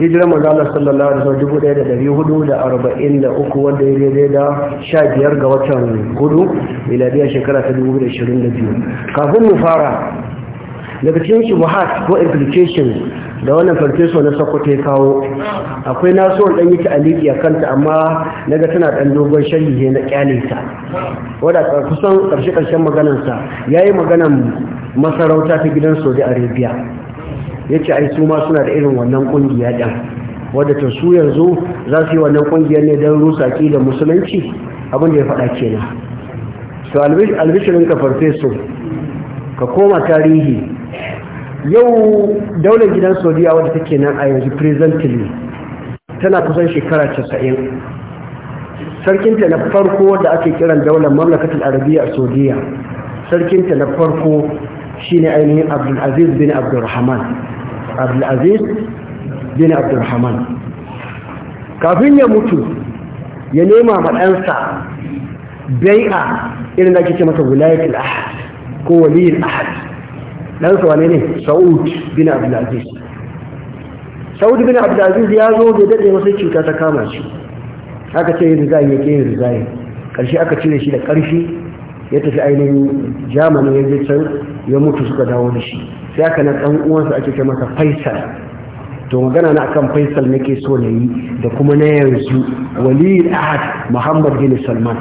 hijirar manzana sallallahu alaihi wasallam dubu ɗaya da ɗari hudu da arba'in da uku wanda ya daidai da sha biyar ga watan hudu miladiya shekara ta dubu da ashirin da biyu kafin mu fara daga cikin shubuhat ko implication da wannan farfeso na sokoto ya kawo akwai naso ɗan yi aliki a kanta amma ga tana ɗan dogon shari'i na ƙyale ta wadda kusan ƙarshe-ƙarshen maganansa ya yi maganan masarauta ta gidan saudi arabia ya ce ai su ma suna da irin wannan kungiya ɗin wadda ta su yanzu za su yi wannan kungiyar ne don rusa ki da musulunci abin da ya faɗa kenan to albishirin ka su ka koma tarihi yau daular gidan saudiya wadda take nan a yanzu presently tana kusan shekara 90 sarkinta na farko da ake kiran daular mamlakatar arabiya a saudiya sarkinta na farko shine ainihin abdulaziz bin abdulrahman abdulaziz bin abdulrahman kafin ya mutu ya nema maɗansa bai'a irin da ake ce masa wilayatul ahad ko waliyul ahad ɗansa wane ne sa'ud bin abdulaziz sa'ud bin abdulaziz ya zo da dade masa cuta ta kama shi aka ce yin zai yake yin rizayi Karshe aka cire shi da ƙarfi ya tafi ainihin jamanin ya je can ya mutu suka dawo da shi sai aka na ɗan uwansa ake ce masa faisal to magana na akan faisal nake so na yi da kuma na yanzu waliyul ahad muhammad bin salman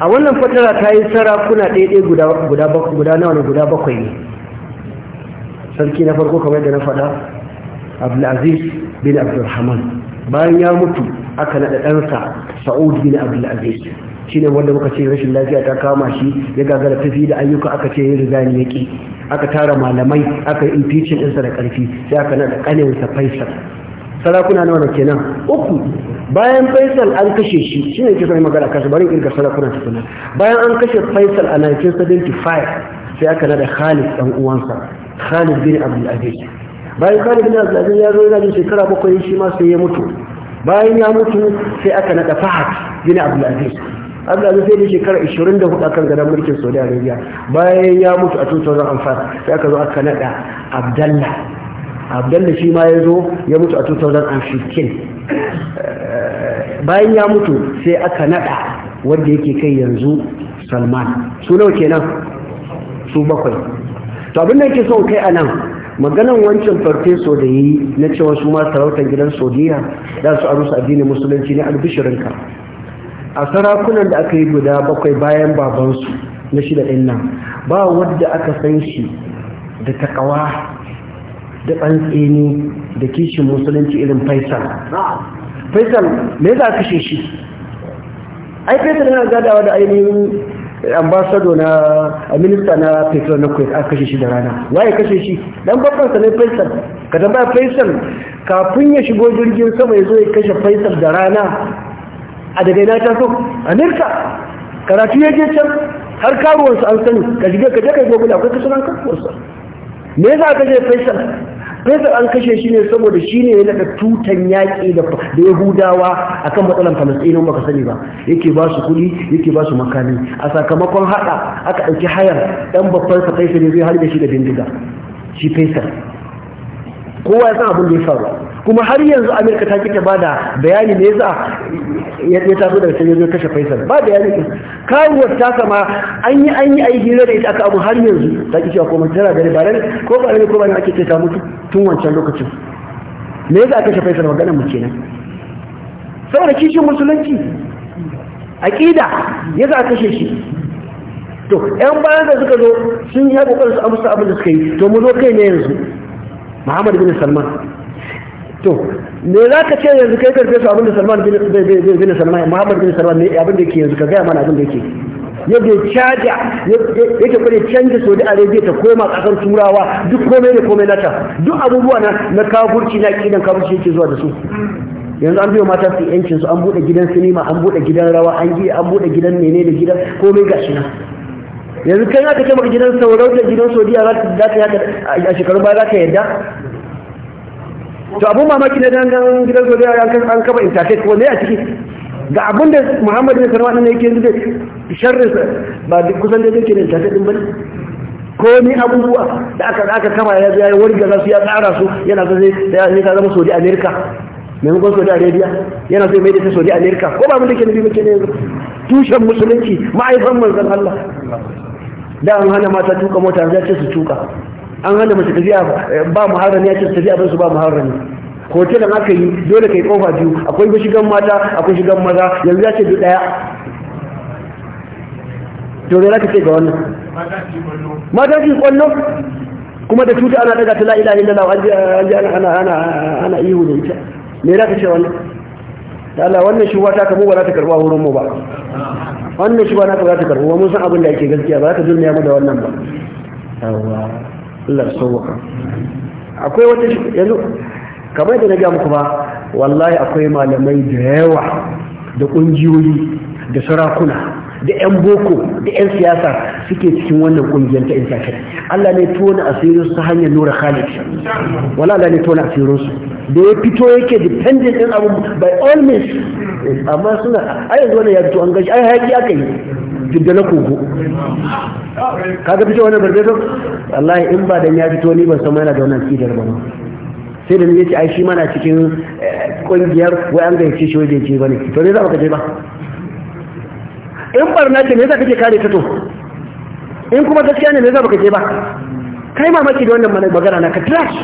a wannan fatara ta yi sarakuna ɗaiɗai guda nawa ne guda bakwai ne sarki na farko kamar da na faɗa abdulaziz bin abdulrahman bayan ya mutu aka naɗa ɗansa sa'ud bin abdulaziz shine wanda muka ce rashin lafiya ta kama shi ya gagara tafi da ayyuka aka ce ya riga ne yake aka tara malamai aka yi impeachment ɗinsa da ƙarfi sai aka naɗa ƙaninsa faisal sarakuna nawa da kenan uku bayan faisal an kashe shi shine ne kisa magana kasa bari kirga sarakuna tukuna bayan an kashe faisal a 1975 sai aka naɗa khalid ɗan uwansa khalid bin abdulaziz bayan khalid bin abdulaziz ya zo yana jin shekara bakwai shi ma sai ya mutu bayan ya mutu sai aka naɗa fahad bin abdulaziz abdulaziz sai da shekarar 24 akan gadon mulkin saudi arabia bayan ya mutu a 2005 sai aka zo aka naɗa abdalla abdalla shi ma ya zo ya mutu a 2015 eh, bayan ya mutu sai aka naɗa wanda yake kai yanzu salman su nawa kenan su bakwai to abin da yake son kai a nan maganan wancan farfeso da yi na cewa su ma sarautar gidan saudiya za su arusa addinin musulunci ne albishirinka a sarakunan da aka yi guda bakwai bayan babansu na shida ɗin nan ba wadda aka san shi da takawa da tsantseni da kishin musulunci irin faisal faisal me za a kashe shi ai faisal yana gadawa da ainihin ambasado na a minista na petro na kwaya aka kashe shi da rana waye kashe shi dan babban sa ne faisal ka tambaya faisal kafin ya shigo jirgin sama ya zo ya kashe faisal da rana a daga ina ta so A amerika karatu ya je can har karuwarsu an sani ka shiga ka je ka yi gobe akwai kasuran karuwarsu me za a kashe faisal faisal an kashe shi ne saboda shi ne ya naɗa tutan yaƙi da yahudawa a kan matsalan falasɗinu baka sani ba yake ba su kuɗi yake ba su makami a sakamakon haɗa aka ɗauki hayar ɗan babban sa faisal ne zai har da shi da bindiga shi faisal kowa ya san abin da ya faru kuma har yanzu amerika ta kike bada bayani ne yasa ya taso daga sai kashe faisal ba bayani kawuwar ta sama an yi an yi ai hira da ita aka abu har yanzu ta kike ko mun tana gari ba ko ba ne ko ba ne ake ta mutu tun wancan lokacin me yasa kashe faisal magana mu kenan saboda kishin musulunci aqida yasa kashe shi to yan bayan da suka zo sun yi haƙoƙar su amsa abin da suka yi to mu zo kai ne yanzu muhammad bin salman to me za ka ce yanzu kai karfe su abinda salman bin salman muhammad bin salman ne abinda yake yanzu ka gaya mana abinda yake yadda caja yake kwade canja da arabiya ta koma kasar turawa duk komai da komai nata duk abubuwa na na kafurci na kidan kafurci yake zuwa da su yanzu an biyo mata su yancin su an bude gidan sinima an bude gidan rawa an yi an bude gidan menene gidan komai gashi nan yanzu kai aka ce maka gidan saurau da gidan saudiya za ta yaka a shekarun baya za ka yadda to abun mamaki ne dan gan gidan zo ya an kaba intake ko ne a ciki ga abun da Muhammad ne sarwa ne yake da sharri ba kusan da yake internet din bane ko ni abubuwa da aka aka kama ya ya wurga za su ya tsara su yana zai sai ya zama Saudi America maimakon a Arabia yana zai mai da Saudi Amerika. ko ba mun da ke nabi muke ne tushen musulunci ma'aifan manzon Allah da an hana mata tuka mota za ta su tuka an hana mace tafiya ba muharrami ya ce tafiya abin su ba muharrami hotunan aka yi dole kai kofa biyu akwai shigan mata akwai shigan maza yanzu ya ce daya to me ka ce ga wannan mata ce kwallo kuma da tuta ana daga ta la ilaha lawa an ji ana ihu da ita me ka ce wannan da Allah wannan shi wata kamo ba za ta karɓa wurin mu ba wannan shi ba na ka za ta karba mun san abin da yake gaskiya ba za ta zurmiya mu da wannan ba Allah akwai wata yanzu kamar da na ga muku ba wallahi akwai malamai da yawa da ƙungiyoyi, da sarakuna da 'yan boko da 'yan siyasa suke cikin wannan kungiyar ta intanet Allah ne tona asirinsu ta hanyar nura khalid wala Allah ne tona asirinsu da ya fito yake dependent din abu by all means amma suna a yanzu wani ya fito an gashi ai hayaki aka yi duk da na kogo kaga fito wannan don? wallahi in ba dan ya fito ni ban san yana da wannan sidar ba sai da ne ce ai shi mana cikin eh, kungiyar wai an gaice shi wajen ce bane to ne za ka je ba in barna ce ne za ka je kare ta to in kuma gaskiya ne ne za ka je ba kai mamaki da wannan magana na ka trash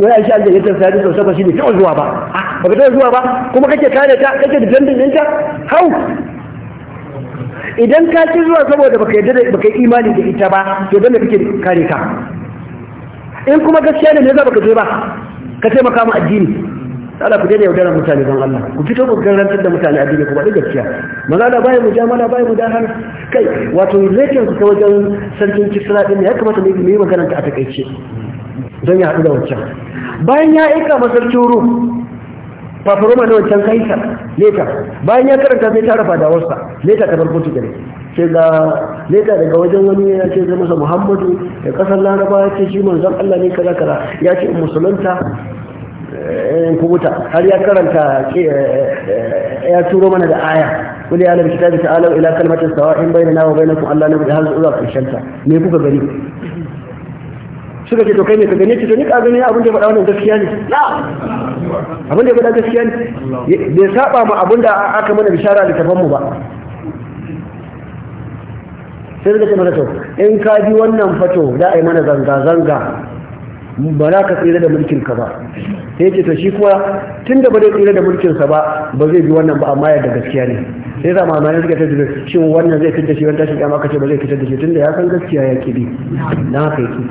wai an shi an jayyatar sa da saba shi ne kawai zuwa ba ba ka zuwa ba kuma kake kare ta kake defending ɗinta hau idan ka ci zuwa saboda baka yadda da baka imani da ita ba to dan kake kare ka in kuma gaskiya ne ne za baka je ba ka taimaka mu addini Allah ku daina yaudara mutane don Allah ku fito ku garantar da mutane addini duniya kuma da gaskiya maza da bayan mu bayan mudahar kai wato zai ku ta wajen sarkin kisra din ya kamata ne mu yi magana ta a takaice don ya haɗu da wancan bayan ya aika masarcin rum fafaroma na wancan kaisar leta bayan ya karanta sai tara fadawarsa leta kamar kotu gare sai ga leta daga wajen wani ya ce zama masa muhammadu da kasar laraba ya ce shi zan allah ne kaza kaza ya ce musulunta eh, in kubuta har ya karanta eh, eh, ya turo mana da aya kuli ya labi kitabi ta'ala ila kalmatin sawa'in bainana wa bainakum allah nabi har zuwa karshen ta me kuka gani suka ce to kai ne ka gane ki to ni ka gane abin da ya faɗa wannan gaskiya ne abin da ya faɗa gaskiya ne bai saba ma abin da aka mana bishara littafan mu ba sai da ce mana to in ka ji wannan fato da a yi mana zanga zanga ba za ka tsira da mulkin ka ba sai ce to shi kuwa tun da ba zai tsira da mulkin sa ba ba zai bi wannan ba amma yadda gaskiya ne sai zama ma suka ta zuba shin wannan zai fitar da shi wanda shi kama kace ba zai fitar da shi tun da ya san gaskiya ya kibi na haka yake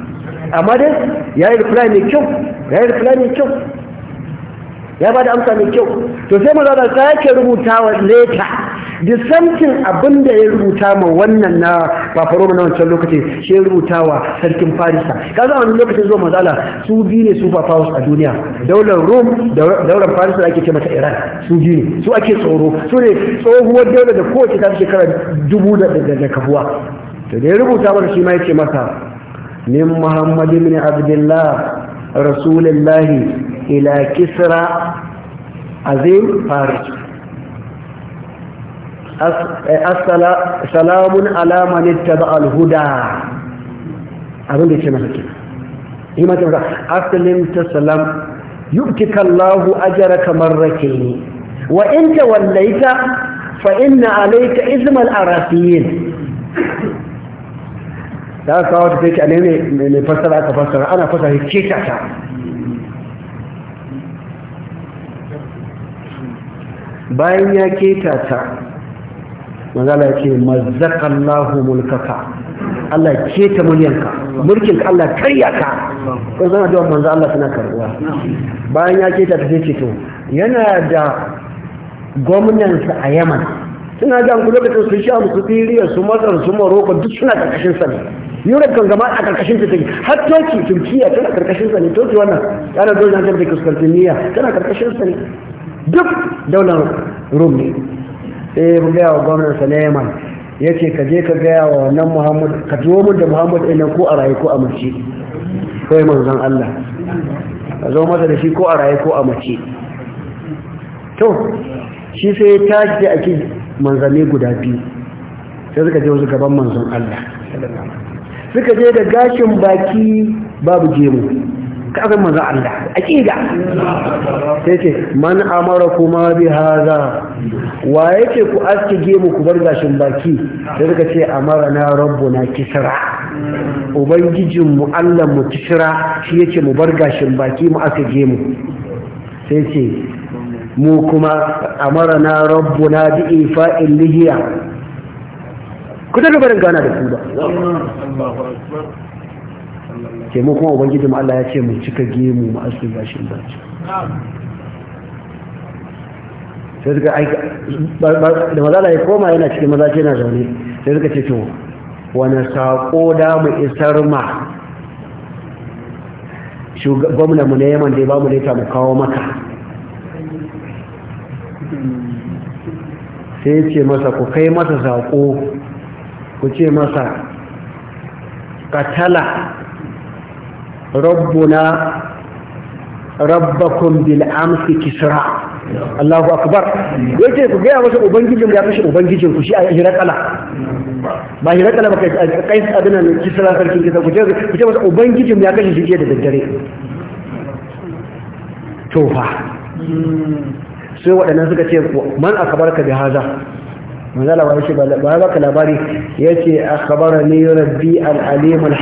amma dai ya yi reply mai kyau ya yi reply mai kyau ya ba da amsa mai kyau to sai mu zauna sai rubuta wa leta disamcin abin da ya rubuta ma wannan na fafaroma na wancan lokaci shi ya rubuta wa sarkin farisa zama wani lokacin zuwa matsala su biyu ne su fafawas a duniya daular rom daular farisa ake ce mata iran su biyu ne su ake tsoro su ne tsohuwar daular da kowace ta shekara dubu da kafuwa to da ya rubuta mana shi ma ya ce masa min muhammad ibn abdullah rasulullahi ila kisra azim salamun alaman ittaba al-huda abin da yake masa ke yi mata mata aslim Kallahu yubtika kamar rake ne. wa in ta tawallaita fa inna alayka izmal arasiyin da ka wata take ne ne mai fassara aka fassara ana fassara ce ta bayan ya keta ta manzala ya ce mazzakallahu mulkaka Allah ta muliyanka mulkin ka Allah karya ka ko zan da manzo Allah suna karbuwa bayan ya ke ta ce to yana da gwamnansa a Yaman suna da ku lokacin su sha su tiriya su matsar su Morocco duk suna karkashin sa ne Europe kan gama a karkashin ta take har Turkey Turkiya tana karkashin sa ne Turkey wannan yana dole na da niyya tana karkashin sa ne duk daular Rome sai ya gaya wa gwamnan Suleiman ya ce ka je ka gaya wa wannan Muhammad ka zo mun da Muhammad ɗin ko a raye ko a mace kai manzon Allah ka zo masa da shi ko a raye ko a mace to shi sai ya tashi a kin manzanni guda biyu sai suka je wasu gaban manzon Allah suka je da gashin baki babu jemu ka san manzo Allah aqida sai ce man amara kuma bi hada wa yake ku aske gemu ku bar gashin baki sai suka ce amara na Rabbu na kisra ubangijin mu Allah mu kisra shi yake mu bar gashin baki mu aske gemu sai ce mu kuma amara na Rabbu na bi ifa'il lihiya ku daga barin gana da ku ba ke kuma ubangiji mu Allah ya ce mu cika gemu mu asu gashin da sai suka aika da maza ya koma yana cikin maza ce na zaune sai suka ce to wani saƙo da mu isar ma gwamna mu na yaman da ya ba mu leta mu kawo maka sai ce masa ku kai masa saƙo ku ce masa katala rabbuna rabbakum bil amsi kisra Allahu akbar yace ku gaya masa ubangijin ya kashe ubangijin ku shi a hira kala. ba hirakala ba kai adana ne kisra sarkin kisa ku ce ku ce masa ubangijin ya kashe shi da daddare to fa sai waɗannan suka ce man akabarka bi haza manzala ba shi ba baka labari ya ce a kabara ne rabbi al'alim al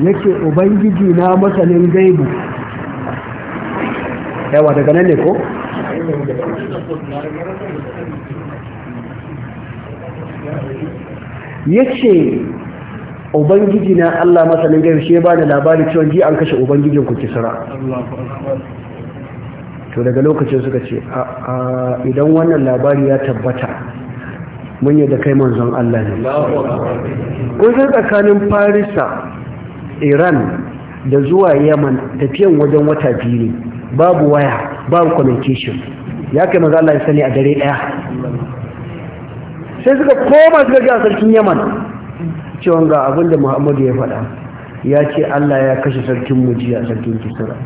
Ya ce ubangiji na masanin gaibu yawa daga nan ne ko? Ya ce ubangiji na Allah masanin gaibu shi ba da labari cewa ji an kashe ubangijin ku kisra to daga lokacin suka ce idan wannan labari ya tabbata mun yi da kai manzon Allah ne kusan tsakanin farisa iran da zuwa yaman tafiyan wajen wata biyu babu waya babu communication ya kai manzon Allah ya sani a dare ɗaya sai suka koma suka ji a sarkin yaman cewa ga abinda muhammadu ya faɗa ya ce Allah ya kashe sarkin mujiya sarkin kisira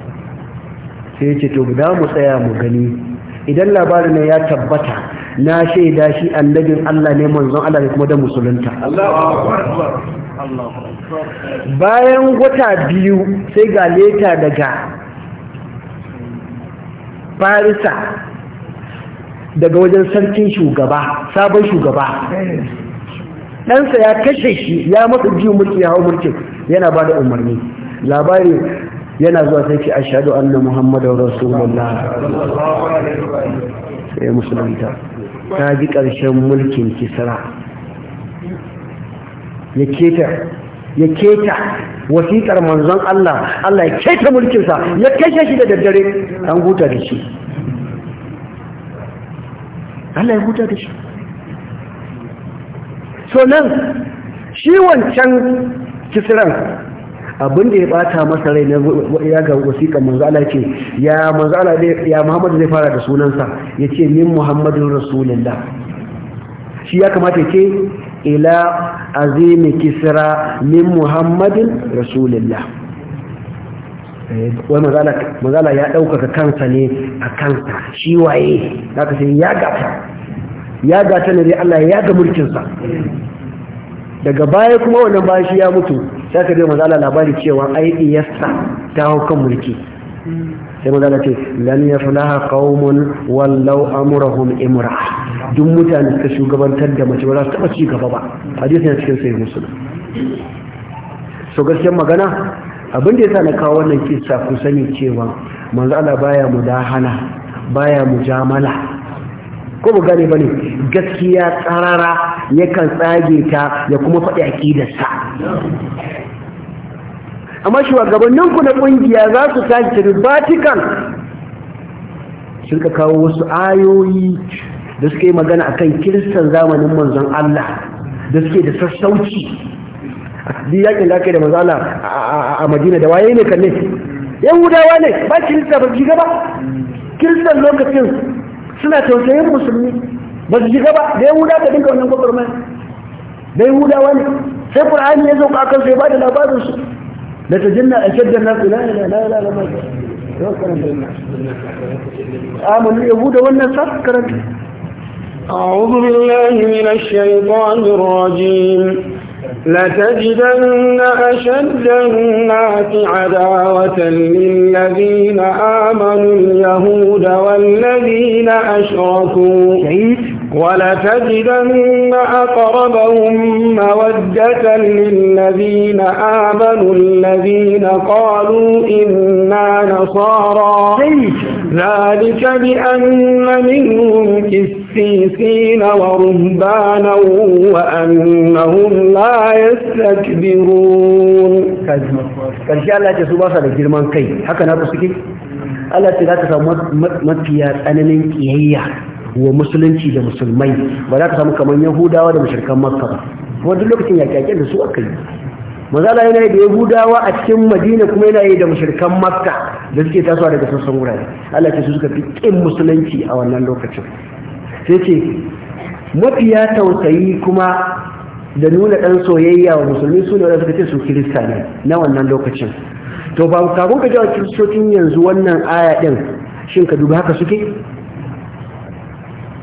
sai ya ce to da mu tsaya mu gani idan labarin ya tabbata na shaida shi annabin Allah ne manzon Allah ne kuma da musulunta bayan wata biyu sai ga leta daga farisa daga wajen sarkin shugaba sabon shugaba ɗansa ya kashe shi ya matsa biyu mulki ya hau mulki yana ba da umarni labari yana zuwa sai ce ashhadu anna muhammadar rasulullah sai musulunta ta ji ƙarshen mulkin kisra ya keta ya keta wasiƙar manzon Allah Allah ya keta mulkinsa ya kashe shi da daddare an huta da shi Allah ya huta da shi so nan shi wancan kisiran abin da ya bata masa rai na ya ga wasiƙa manzo Allah ce ya manzo Allah ya Muhammad zai fara da sunansa yace min Muhammadin Rasulullah shi ya kamata ce ila azimi kisra min Muhammadin Rasulullah eh, wai mazala ya ɗaukaka kansa ne a kansa shi waye zaka sai ya gata ya gata ne dai Allah ya ga mulkinsa daga baya kuma wannan bayan shi ya mutu sai aka biyo mazala labari cewa ai iyasta ta hau kan mulki sai mazala ce lan yaflaha qaumun wallau amurahum imra duk mutane suka shugabantar da mace ba za su taba ci gaba ba hadisi na cikin sai musulun so gaskiyar magana abinda ya sa na kawo wannan kisa ku sani cewa manzo Allah baya mudahana baya mujamala ko mu gane bane gaskiya tsarara yakan tsage ta ya kuma faɗi sa. amma ku na kungiya za su sake Vatican. sun ka kawo wasu ayoyi da suka yi magana akan kiristan zamanin manzon Allah da suke da sassauci duk yakin da aka yi da manzala a madina da waye ne kalle yahudawa ne ba kirista ba ji gaba kiristan lokacin suna tausayin musulmi ba su ji gaba da yahuda ka dinka wannan gwagwarmaya da yahudawa ne sai qur'ani ya zo ka kan sai ba da labarin su نتجنى أشد الناس لا لا لا لا لا آمن اليهود والنصارى كرنت أعوذ بالله من الشيطان الرجيم لتجدن أشد الناس عداوة للذين آمنوا اليهود والذين أشركوا ولتجدن أقربهم مودة للذين آمنوا الذين قالوا إنا نصارى ذلك بأن منهم كسيسين ورهبانا وأنهم لا يستكبرون شاء الله تسوبها لجرمان كي حكا نابسكي الله تسوبها مكيا أنا من كيهيه wa musulunci da musulmai ba za ka samu kamar yahudawa da mashirkan makka ba kuma duk lokacin yaƙe-yaƙen da su aka yi mazala yana yi da yahudawa a cikin madina kuma yana yi da mashirkan makka da suke tasowa daga sassan wurare allah ce su suka fi ƙin musulunci a wannan lokacin sai ce mafiya tausayi kuma da nuna ɗan soyayya wa musulmi su ne wanda suka ce su kirista ne na wannan lokacin to ba kafin ka jawo kiristocin yanzu wannan aya ɗin shin ka duba haka suke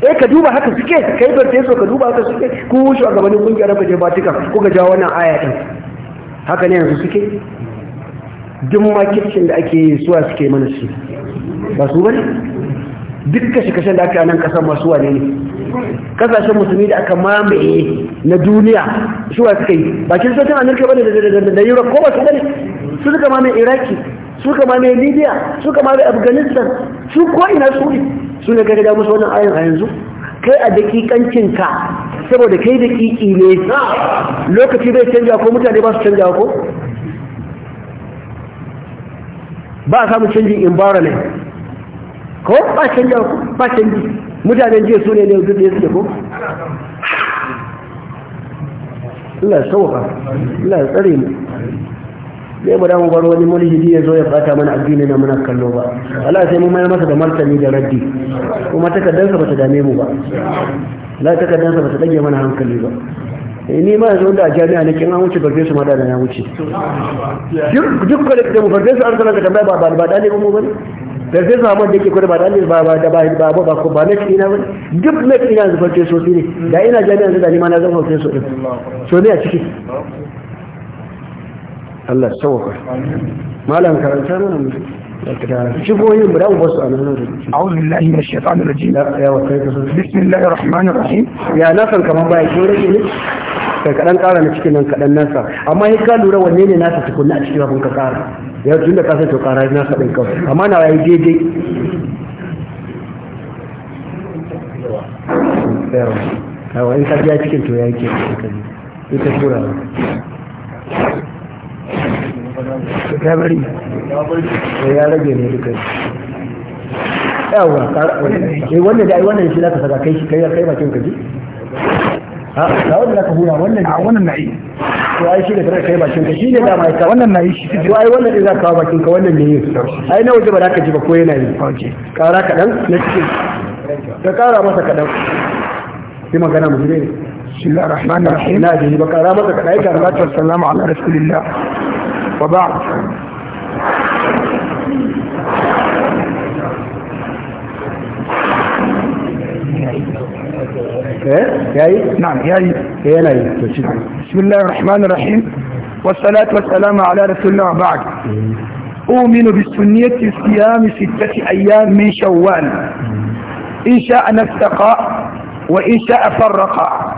eh ka duba haka suke kai so ka duba haka suke ku na kungiyar rafa ku ga jawo nan aya din haka ne yanzu suke duk kitchen da ake yi suwa suke mana shi ba su bane duk shi kashin da aka nan kasan masu wane ne kasashen musulmi da aka mamaye na duniya suwa suka yi bakin sautin amurka bane da europe ko ba su bane su suka mamaye iraki su kama mai libya su kama mai afghanistan su ko ina su ne su ne gada musu wannan ayin a yanzu kai a dakikancinka saboda kai da kiki ne lokaci bai canja ko mutane ba su canja ko ba a samu canjin environment ko ba canja ko ba canji mutanen jiya su ne ne duk da suke ko Allah ya sauka Allah ya tsare mu zai mu damu bar wani mulhidi ya zo ya bata mana addini na muna kallo ba Allah sai mun mai masa da martani da raddi kuma ba bata dame mu ba la ba bata dage mana hankali ba Eh ni ma yanzu da a jami'a ne kin an wuce barbe su ma da na wuce duk kare da mu barbe su an sanar da tambaya ba ba da ne mu ba barbe su amma da yake kore ba da ne ba ba da ba ba ba ko ba ne na wani? duk ne na zubar ke so ne da ina jami'a da ni ma na zama hotel su din so ne a ciki Allah sauka malam karanta mana mu شوفوا براو بس انا بالله من الشيطان الرجيم يا بسم الله الرحمن الرحيم يا ناس كمان باي شو رجل kai kadan kara na cikin nan kadan nasa amma in ka lura wanne ne nasa tukunna a cikin abin ka kara ya tun da ka sai to kara nasa din kawai amma na yayi daidai in ka ji cikin to yayi ke ita tura ta bari eh, ya rage ne duka yawa eh, wannan da ai wannan shi zaka saka kai shi kai kai bakin ka ji a za ka hura wannan a wannan na yi. to ai shi da kai kai bakin ka shine da mai wannan na yi shi to ai wannan da zaka kawo bakin ka wannan ne yi ai na waje ba za ka ji ba ko yana yi kara kadan na cikin ka kara masa Ka kadan sai magana mu ne بسم الله الرحمن الرحيم نادي بكرامتك عليك الصلاة والسلام على رسول الله وبعد ايه نعم هي بسم الله الرحمن الرحيم والصلاة والسلام على رسول الله وبعد أؤمن بالسنية صيام ستة أيام من شوال إن شاء نفتقى وإن شاء فرقا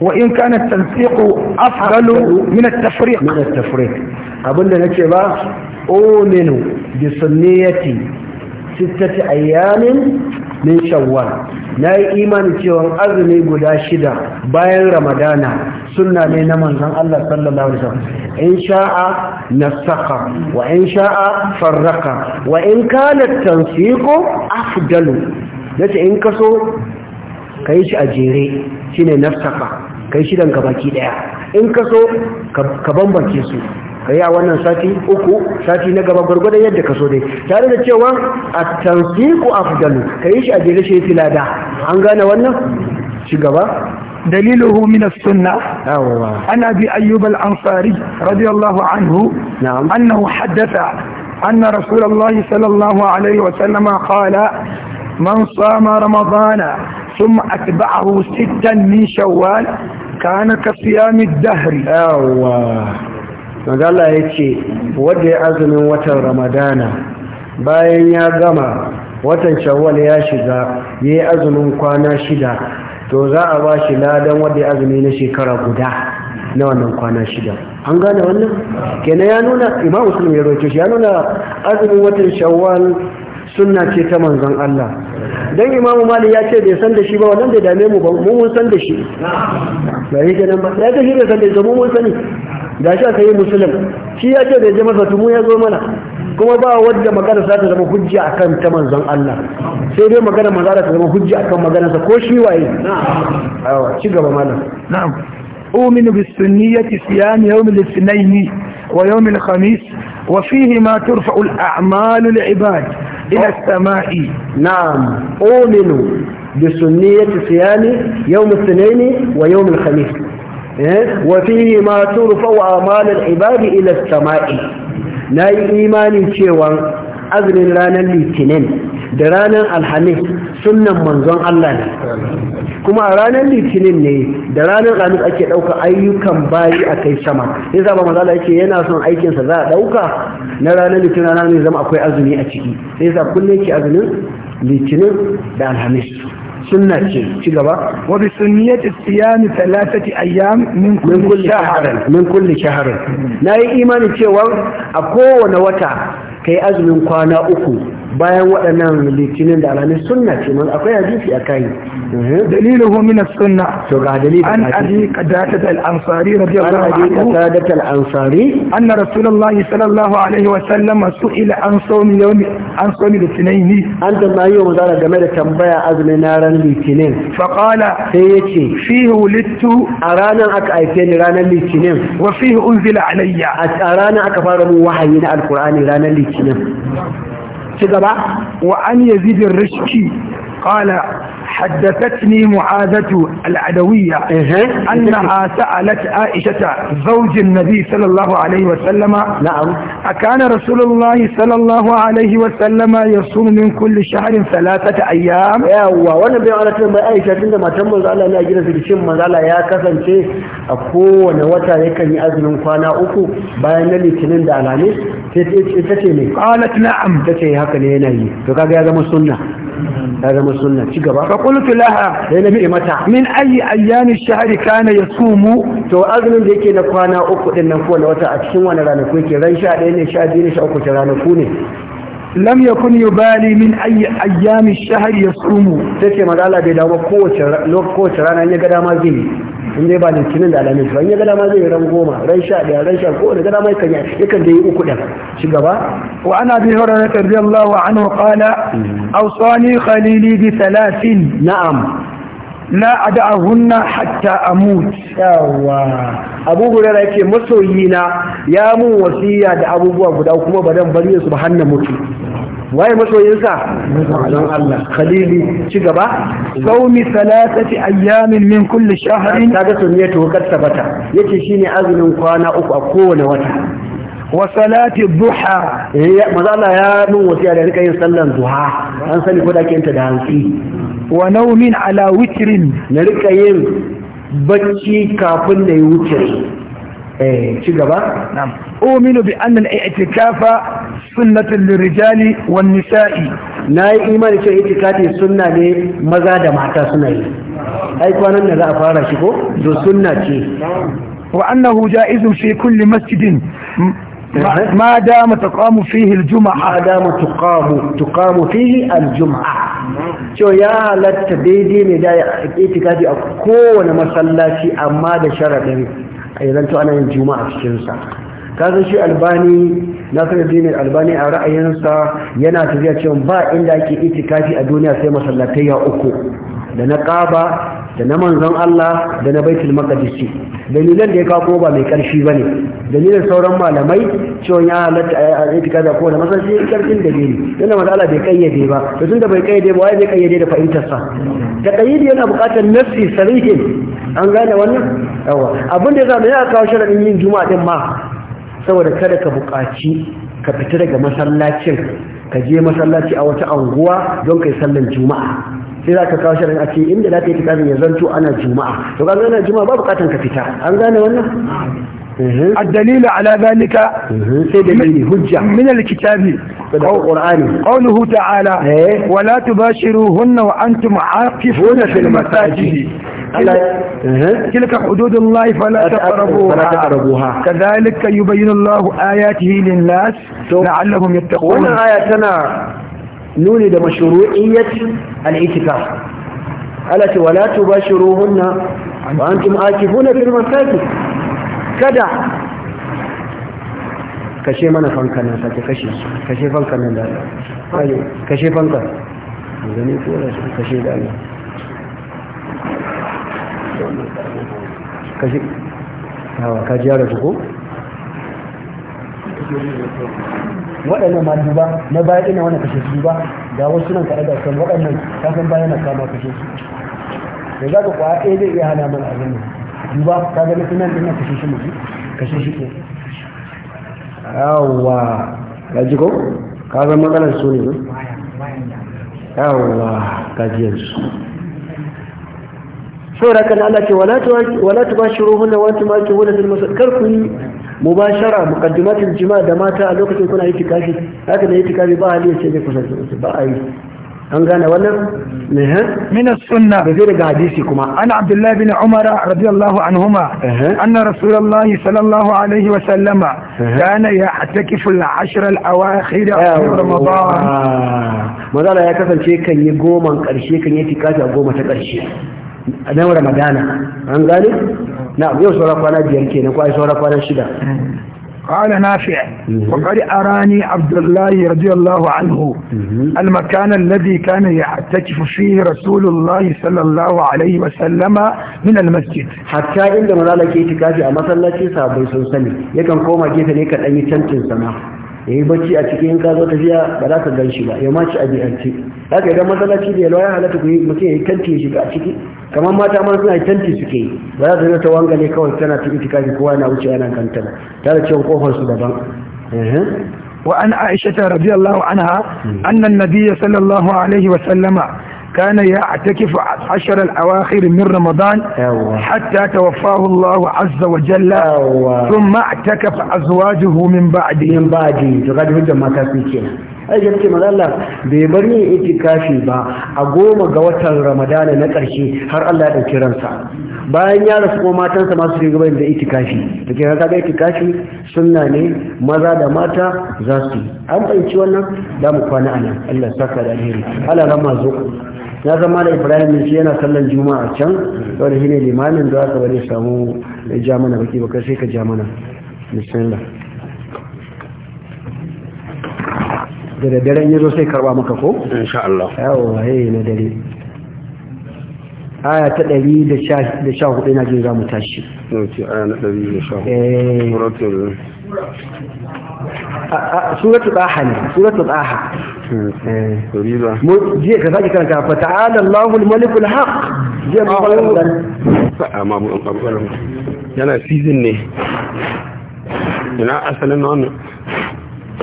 وإن كان التنسيق أفضل من التفريق من التفريق أبونا نتبع أؤمن بسنية ستة أيام من شوال na yi imanin cewa azumi guda shida bayan ramadana suna ne na manzan Allah sallallahu in sha'a nasaka wa in sha'a farraka wa in kanar tansiko afdalu yace in kaso ka yi shi a jere shi ne nasaka kai shidan ka baki daya in ka so ka bambance su kai a wannan sati uku sati na gaba gwargwadon yadda ka so dai tare da cewa at-tansiqu afdalu kai shi a jere shi filada an gane wannan shi gaba دليله من السنة أن أبي أيوب الأنصاري رضي الله عنه نعم. أنه حدث أن رسول الله صلى الله عليه وسلم قال من صام رمضان ثم أتبعه ستا من شوال kana ka siyami dahri yawa magana ya ce wadda ya azumin watan ramadana bayan ya gama watan shawwal ya shiga ya yi azumin kwana shida to za a ba shi ladan wadda ya azumi na shekara guda na wannan kwana shida an gane wannan kenan ya nuna imam muslim ya roce shi ya nuna azumin watan shawwal sunna ce ta manzon Allah dan imamu mali ya ce bai san da shi ba wannan bai dame mu ba mu mun san da shi ba yake nan ba ya ce shi bai san da shi mu mun sani da shi aka yi musulun shi ya ce bai je masa tumu ya zo mana kuma ba wadda magana za ta zama hujja akan ta manzon Allah sai dai magana manzara ta zama hujja akan maganarsa ko shi waye na'am ci gaba malam na'am أؤمن بالسنية صيام يوم الاثنين ويوم الخميس وفيهما ترفع الأعمال لعباد إلى السماء نعم أؤمن بسنية صيام يوم الاثنين ويوم الخميس إيه؟ وفيه ما ترفع أعمال العباد إلى السماء لا إيمان imanin cewa azumin ranar litinin الحميس sunnan manzon Allah ne kuma a ranar litinin ne da ranar alhamis ake ɗauka ayyukan bayi a kai sama ya zaba mazala yake yana son aikinsa za a ɗauka na ranar litinin ranar ne zama akwai azumi a ciki sai sa kullum yake azumin litinin da alhamis sunna ce ci gaba wa bi sunniyati siyami thalathati ayyam min kulli shahrin min kulli shahrin nayi imani cewa a kowane wata kai azumin kwana uku bayan waɗannan litinin da alamin sunna ce mun akwai hadisi a kai eh, dalilu min as-sunna to ga dalili an abi qadadat al-ansari radiyallahu anhu qadadat al-ansari anna rasulullah sallallahu alaihi wa sallam su'ila an sawmi yawmi an sawmi litinaini an tambayi wa mazara game da tambaya azumin na ranar litinin faƙala sai ya ce fihi wulittu a ranar aka haife ni ranar litinin wa fihi unzila alayya a ranar aka fara mun wahayi na alkur'ani ranar litinin ci gaba wa an yazidin rishki qala حدثتني معاذة العدوية أنها سألت عائشة زوج النبي صلى الله عليه وسلم نعم أكان رسول الله صلى الله عليه وسلم يصوم من كل شهر ثلاثة أيام يوه وانا بيعنا تنبى عائشة عندما تنبى على أن أجلس بشم مزالة يا كثن شيء أكون وتا يكن يأذن فانا أكو بيانا لتنين دعنا قالت نعم تتي هكذا ينهي فكذا هذا مسنة ta zama sunna ci gaba fa qultu laha ya nabi min ayi ayyami shahri kana yasumu to azumin da yake na kwana uku din nan ko na wata a cikin wani ranaku yake ran 11 ne 12 ne 13 ta ranaku ne lam yakun yubali min ayi ayyami shahri yasumu tace magana bai dawo kowace kowace rana ya ga dama zai in dai ba litinin da alamin ba in ya gada ma zai ran goma ran sha ɗaya ran sha ko da gada ma yakan yakan da yi uku ɗin shi gaba wa ana bi hurara radiyallahu anhu qala mm-hmm. awsani khalili bi talatin. na'am la ad'ahunna hatta amut yawa abu hurara yake masoyina ya mun wasiya da abubuwa guda kuma ba dan bari su ba hannu mutu waye masoyinsa don Allah khalili ci gaba saumi salatati ayyamin min kulli shahrin kaga sunniyatu kad sabata yace shine azumin kwana uku a kowane wata wa salati duha eh, maza ya nun wasiya da rika yin sallan duha an sani ko da hansi. da hantsi wa naumin ala witrin na rika yin bacci kafin da yi wuce eh, ci gaba na'am uminu bi anna al-i'tikafa sunnatun lirijali wan nisa'i na yi imani cewa itikadi sunna ne maza da mata suna yi ai kwanan da za a fara shi ko to sunna ce wa annahu ja'izun fi kulli masjidin ما دام تقام فيه الجمعة ما دام تقام تقام فيه الجمعة شو يا لتبيدي ندا اعتقادي أكون مسلاتي أما ده شرط يعني أيضا أنا الجمعة في الشمس kasan shi albani nasiruddin albani a ra'ayinsa yana tafiya cewa ba inda ake itikafi a duniya sai masallatai ya uku da na kaba da na manzon Allah da na baitul maqdisi dalilan da ya kawo ba mai karfi bane dalilan sauran malamai cewa ya halatta a itikafi da masallaci karfin dalili yana masala bai kayyade ba to tunda bai kayyade ba wai bai kayyade da fahimtar sa da kayyade yana buƙatar nafsi sarihin an gane wannan yawa abin da ya zama ya kawo yin juma'a din ma saboda kada ka buƙaci ka fita daga masallacin ka je masallaci a wata anguwa don kai sallan juma'a sai za ka kawo shirin a ce inda za ka yi tikafin ya zanto ana juma'a to ka ana juma'a ba buƙatan ka fita an gane wannan الدليل على ذلك من الكتاب قوله تعالى إيه؟ ولا تباشروهن وأنتم عاقفون في المساجد إيه؟ تلك حدود الله فلا تقربوها كذلك يبين الله آياته للناس لعلهم يتقون هنا آياتنا نولد مشروعية الاعتكاف قالت ولا تباشروهن وأنتم عاكفون في المساجد kada kashe mana fankan nan sake kashe kashe fankan nan da Allah kashe fankan gani ko su kashe da Allah kashe hawa ka jiyar su ko waɗannan ma duba na baya ina wani kashe su duba ga wasu nan kaɗa da kan waɗannan kafin bayan na kama kashe su da za ka kwa ɗaya eh, zai iya hana mana a nan duba ka ga sunan nan na kashe shi mutu kashe shi ko yawwa ya ji ko ka zama matsalar su ne yawwa sau da kan Allah ce wala ta bashi ruhun wa ta maki wani da masu karkun mu kaddimatin jima da mata a lokacin kuna yi tikafi haka da yi tikafi ba a ya ce zai kusa ba a yi an gane wannan ne sunna da zai daga hadisi kuma ana abdullahi bin umar radiyallahu anhuma anna rasulullahi sallallahu alaihi wa sallama kana ya'takifu al-ashr al-awakhir min ramadan madala ya kasance kan yi goma karshe kan yi tikafi goma ta karshe na ramadana an gane na yau sauran kwana biyar kenan ko ai sauran kwana shida hmm. قال نافع وقال أراني عبد الله رضي الله عنه المكان الذي كان يعتكف فيه رسول الله صلى الله عليه وسلم من المسجد حتى عندما رأى لك اعتكافي أمثل لك صابي سنسلي يكن قوم جيثا لك أن يتنتن سماه ya yi bacci a cikin ka zo tafiya ba za ka ganshi ba ya maci a biyance haka idan masallaci da yalwa ya halatta ku yi mutum ya yi tanti shiga a ciki kamar mata ma suna yi tanti suke yi ba za ta zo ta wanga ne kawai tana ta itikafi kowa na wuce yana ba ta da cewa kofar su daban وعن Aisha رضي الله عنها أن النبي sallallahu alaihi wa sallama. كان يعتكف عشر الأواخر من رمضان حتى توفاه الله عز وجل ثم اعتكف أزواجه من بعده من بعده فقد هدى ما تفكينا ai gaske Allah bai bar yin itikafi ba a goma ga watan Ramadana na ƙarshe har Allah ya ɗauki ransa bayan ya rasu kuma matansa masu su gaban da itikafi da ke kaga itikafi sunna ne maza da mata za su yi an fahimci wannan da mu kwana anan Allah saka da alheri Allah rama zo ya zama da ibrahim shi yana sallan juma'a can wanda shi ne limamin da aka bari samu ja mana baki baka sai ka ja mana bismillah da daddaren yazo sai karba maka ko insha Allah yawa hayi na dare aya ta 114 na jin za mu tashi eh suratul aha ne suratul aha mu je ka sake karanta fa ta'ala Allahul malikul haq je mu fara amma mu yana season ne ina asalin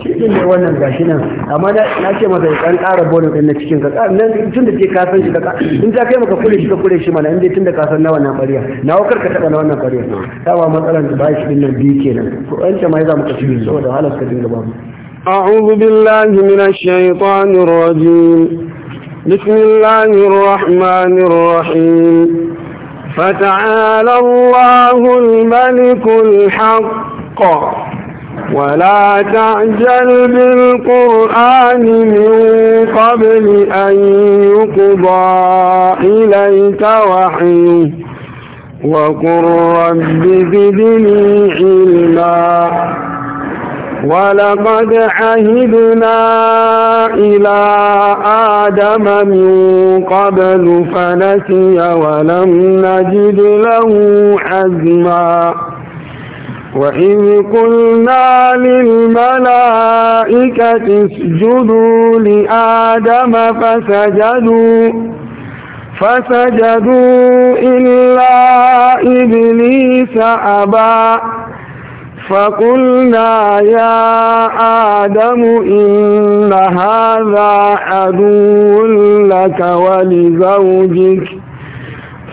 shi ne wannan gashi nan amma na ce masa ya ƙara bonus ɗin na cikin ka nan tun da ke kasan shi ka in ta kai maka kule shi ka kule shi mana in dai tun da san na wannan ƙarya na wakar ka taɓa na wannan ta ba matsalan da ba shi ɗin nan biyu kenan ko an ce ma ya za mu kashi biyu saboda halar ka dinga ba mu. أعوذ بالله من الشيطان الرجيم بسم الله الرحمن الرحيم فتعالى الله الملك الحق ولا تعجل بالقرآن من قبل أن يقضى إليك وحيه وقل رب زدني علما ولقد عهدنا إلى آدم من قبل فنسي ولم نجد له حزما وإذ قلنا للملائكة اسجدوا لآدم فسجدوا فسجدوا إلا إبليس أبى فقلنا يا آدم إن هذا عدو لك ولزوجك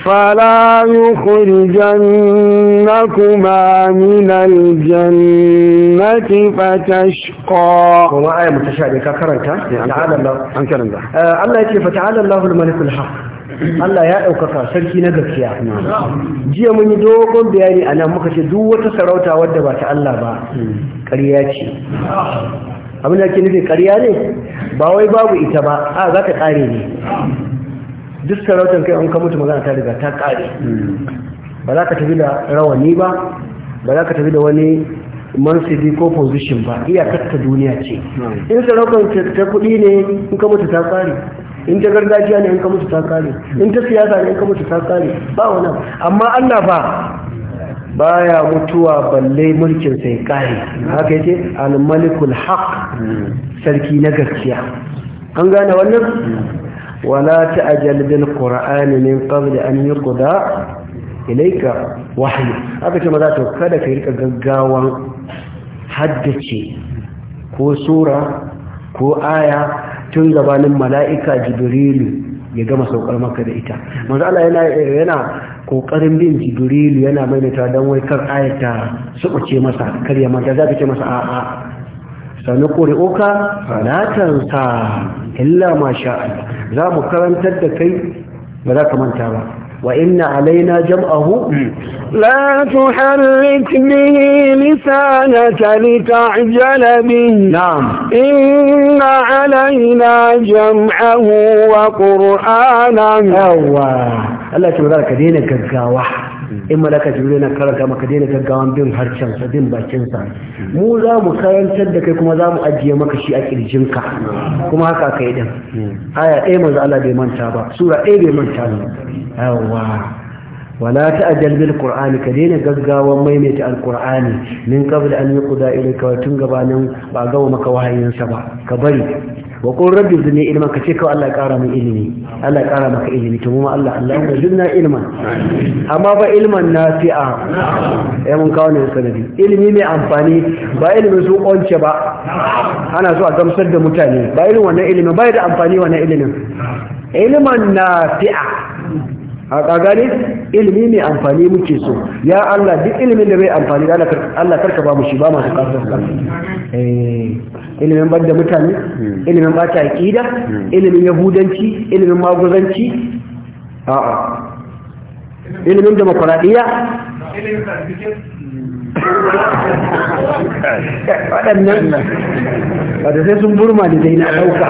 فلا يخرجنكما من الجنة فتشقى وما آية متشابهة كرنتا تعالى الله عن كرنتا الله يكي فتعالى الله الملك الحق Allah ya ɗaukaka sarki na gaskiya jiya mun yi dogon bayani a nan muka ce duk wata sarauta wadda ba ta Allah ba ƙarya ce abin da ke nufin ƙarya ne ba wai babu ita ba a za ta ƙare ne duk sarautar kai an ka mutu magana ta riga ta kare ba za ka tafi da rawani ba ba za ka tafi da wani mansibi ko position ba iyakar ta duniya ce in sarautar ta kudi ne in ka mutu ta kare in ta gargajiya ne in ka mutu ta kare in ta siyasa ne in ka mutu ta kare ba wani amma Allah ba baya mutuwa balle mulkin sai kare haka yace al-malikul haq sarki na gaskiya an gane wannan ولا تعجل بالقرآن من قبل أن يقضى إليك وحي هذا كما kada ka كيرك gaggawan حدثي ko sura ko aya tun gabanin mala'ika jibrilu ya gama saukar maka da ita manzo Allah yana yana bin jibrilu yana maimaita dan wai kar ayata su bace masa kar ya manta za ta ce masa a'a سنقرئك فلا تنسى إلا ما شاء الله لا مكرم تدكي ولا كمان تابع وإن علينا جمعه لا تحرك به لسانك لتعجل به نعم إن علينا جمعه وقرآنا أوه الله تبارك دينك الزاوح in malaka jibril na karanta maka daina gaggawan bin sa bin bakinsa mu za mu karantar da kai kuma za mu ajiye maka shi a kirjinka kuma haka kai din aya ɗaya manzo Allah bai manta ba sura ɗaya bai manta ba yawa wala ta'jal bil qur'ani ka daina gaggawan maimaita alqur'ani min qabl an yuqda ilayka wa tun gabanin ba gama maka wahayin sa ba ka bari wa qul rabbi zidni ilman kace kawai Allah ya kara min ilimi Allah ya kara maka ilimi to mu Allah Allah ya zidna ilman amma ba ilman nafi'a eh mun kawo ne sanadi ilimi mai amfani ba ilimin su konce ba ana so a gamsar da mutane ba ilimin wannan ilimin? ba da amfani wannan ilimin ilman nafi'a a kagane ilimi mai amfani muke so ya Allah duk ilimin da bai amfani da Allah karka ba mu shi ba masu kasar sa eh, ilimin banda mutane hmm. ilimin bata aqida hmm. ilimin yahudanci ilimin maguzanci a'a ilimin demokradiya ilimin waɗannan wata sai sun burma ne dai na ɗauka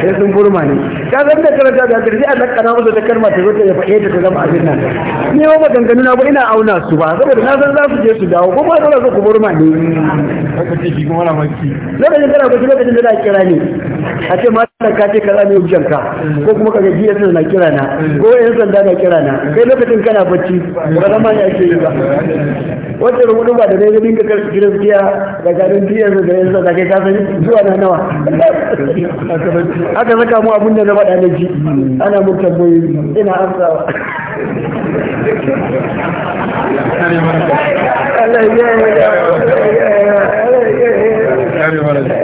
sai sun burma ne ta zan da karanta da ƙarfi a zakana musu ta kalma ta zata ya faɗe ta ta zama abin nan ne ba maganganu na ba ina auna su ba saboda na san za su je su dawo ko ba za su ku burma ne lokacin kana kwaci lokacin da za kira ne a ce ma ta ka ce kaza ne hujjanka ko kuma ka jiya yasa na kira na ko yan sanda na kira na kai lokacin kana bacci ba zama ya ake yi ba wacce kudin ba da dai ga dinka karfi gaskiya da garin tiyar da yanzu da kai kasan zuwa na nawa aka saka mu abin da na faɗa na ji ana mun tambayi ina amsawa Allah ya yi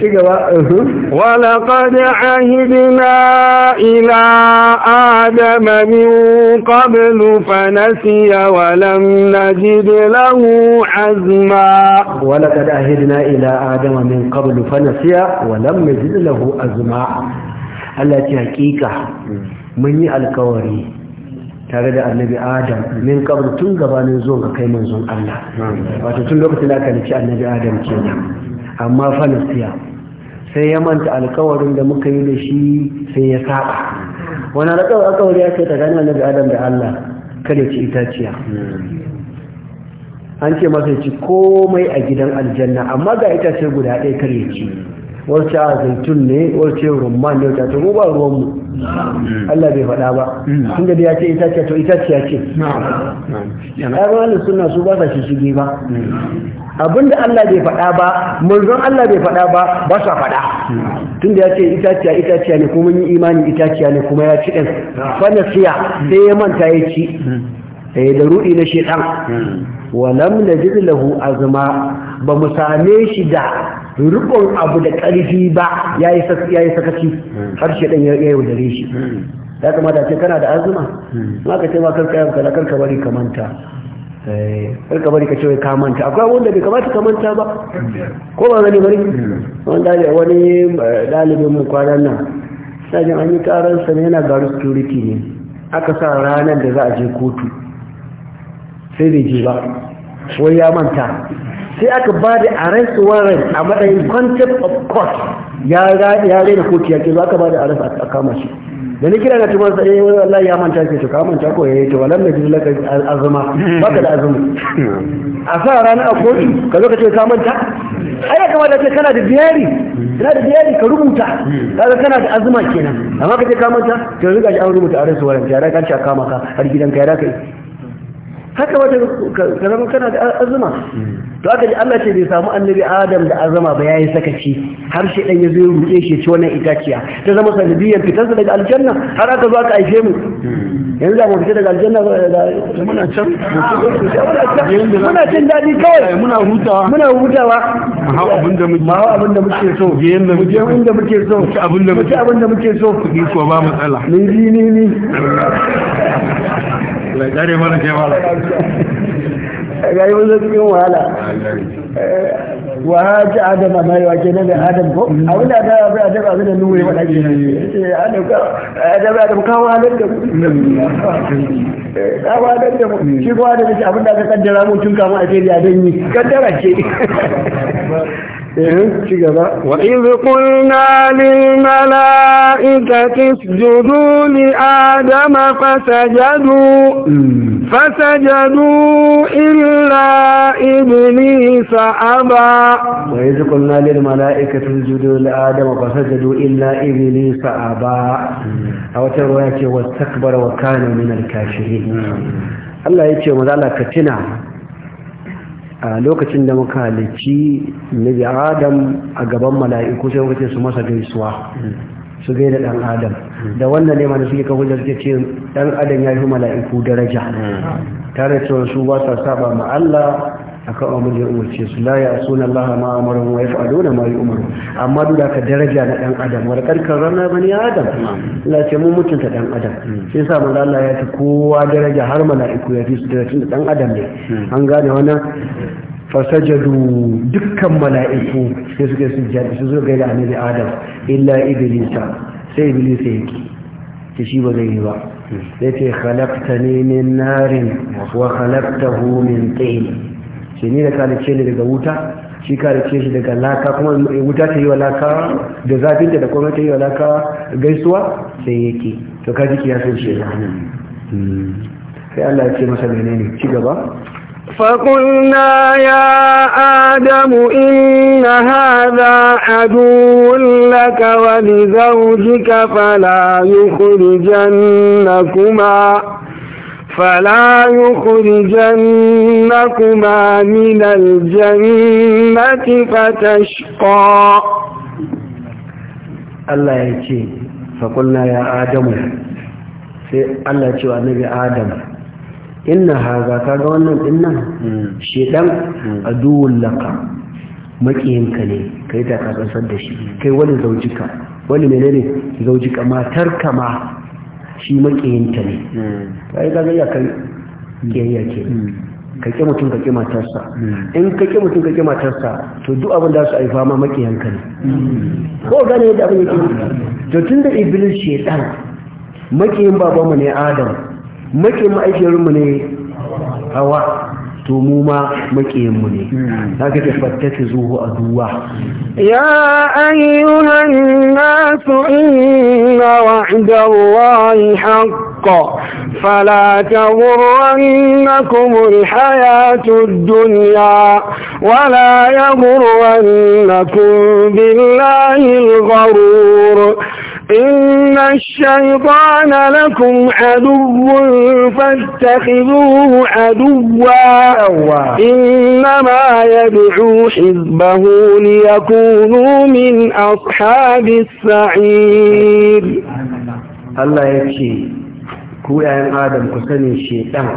ولقد عهدنا إلى آدم من قبل فنسي ولم نجد له عزما ولقد عهدنا إلى آدم من قبل فنسي ولم نجد له عزما التي حقيقة من الكوري tare da annabi adam min kabar tun gabanin zuwa ga kai manzon Allah wato tun lokacin da aka nufi annabi adam kenan amma fa nasiya sai ya manta alkawarin da muka yi da shi sai ya saba wani alkawari ya ce gani annabi adam da allah kada ci itaciya an ce masa ci komai a gidan aljanna amma ga itace guda ɗaya kar ya ci Wacce a zaitun ne wacce rumman ne wata mu ba ruwanmu Allah bai faɗa ba tun da ya ce itaciya to itaciya ce ayyukan suna su ba sa shige ba da Allah bai faɗa ba manzon Allah bai faɗa ba ba sa faɗa tun da ya ce itaciya itaciya ne kuma yi imani itaciya ne kuma ya ci ɗin siya sai ya manta ya ci eh, da ruɗi na shaitan hmm. walam jirgin lahu azuma ba mu same shi da rikon abu da ƙarfi ba ya yi sakaci harshe ɗan ya yi dare shi ya kamata ce kana da azuma ma ka ce ma karka yau kala karka bari ka manta eh, karka bari ka ce ka manta akwai wanda bai kamata ka manta ba ko ba gani bari wani eh, dalibin mu kwanan nan sajin an yi sa ne yana garu security ne aka sa ranar da za a je kotu sai bai je ba wai ya manta sai aka ba da arrest warrant a matsayin contempt of court ya raina koti ya ke za ka ba da arrest a kama shi da ni kira na tuma sa eh wallahi ya manta ke to ka manta ko eh to walan da jilla ka azuma baka da azumi a sa rana a koti ka zo ka ce ka manta ai kamata ce kana da diary kana da diary ka rubuta kaga kana da azuma kenan amma ka ce ka manta to riga an rubuta arrest warrant ya ka ci a kama ka har gidan ka ya ka haka wata ka zama kana da azuma to aka ji Allah ce bai samu annabi Adam da azuma ba yayi sakaci har shi dan yazo ya ruɗe shi ci wannan itaciya ta zama sanadiyyar fitarsa daga aljanna har aka zo aka aike mu yanzu za mu fita daga aljanna da muna can muna daɗi kawai eh, muna hutawa muna hutawa ma abin da muke ma abin da muke so je inda muke muke so ci abin da muke abin da muke so ni ko ba matsala ni ni ni ga yi wasu cikin wahala wahala haji adam a mai wake na da adam ko a wani adam ya adam abin da nuhu ya faɗa ke adam ya adam kawo halar da kawo halar da shi kawo da shi abin da aka kaddara mutum kama a sai da dan yi kaddara ce وإذ قلنا للملائكة اسجدوا لآدم فسجدوا فسجدوا إلا إبليس أبى وإذ قلنا للملائكة اسجدوا لآدم فسجدوا إلا إبليس أبى أو ترواك واستكبر وكان من الكافرين الله يتشوى ماذا لك a lokacin da muka halicci nabi adam a gaban mala'iku sai muka ce su masa gaisuwa su gaida dan adam da wannan ne mana suke kawo suke ce dan adam ya fi mala'iku daraja hmm. tare da cewa su ba sa saba ma Allah akan abin da ya umarce su la ya suna Allah ma amaran wa yaf'aluna ma yu'maru amma duk da daraja na dan adam war ranar bani adam Allah ce mun mutunta dan adam shi yasa manzo Allah ya ce kowa daraja har mala'iku ya fi su daraja da dan adam ne an gane wannan fasajadu dukkan mala'iku sai suka yi sujjada su zo da annabi adam illa iblis sai iblis ya yi ta shi ba zai yi ba sai ce khalaqtani min narin wa khalaqtahu min tin ce ni da ce ne daga wuta shi ce shi daga laka kuma wuta ta yi wa laka da zafinta da kuma ta yi wa laka gaisuwa sai yake to kaji san shi da hmm. sai Allah ya ce masa ne ci gaba فقلنا يا آدم إن هذا عدو لك ولزوجك فلا يخرجنكما فلا يخرجنكما من الجنة فتشقى الله يجي فقلنا يا آدم sai Allah cewa nabi Adam inna haza ga wannan dinnan shedan aduwul laka makiyinka ne kai ta kasar da shi kai wani zaujika wani zaujika matar ma? shi makiyinta ne hmm. ya yi gagayya kan kiyayya ke hmm. ka ƙi mutum ka ƙi matarsa hmm. in ka ƙi mutum ka ƙi matarsa to duk abin da su a fama ma makiyanka ne ko gane yadda abin yake to tun da iblis ɗan, makiyin babanmu ne adam makiyin ma'aikiyarmu ne hawa to mu ma makiyin mu ne haka ta fattaki zuhu a duwa ya ayyuhan nasu inna wa'da Allahi haqqo فلا تغرنكم الحياة الدنيا ولا يغرنكم بالله الغرور إن الشيطان لكم عدو فاتخذوه عدوا إنما يدعو حزبه ليكونوا من أصحاب السعير الله يكشي كو آدم كسني الشيطان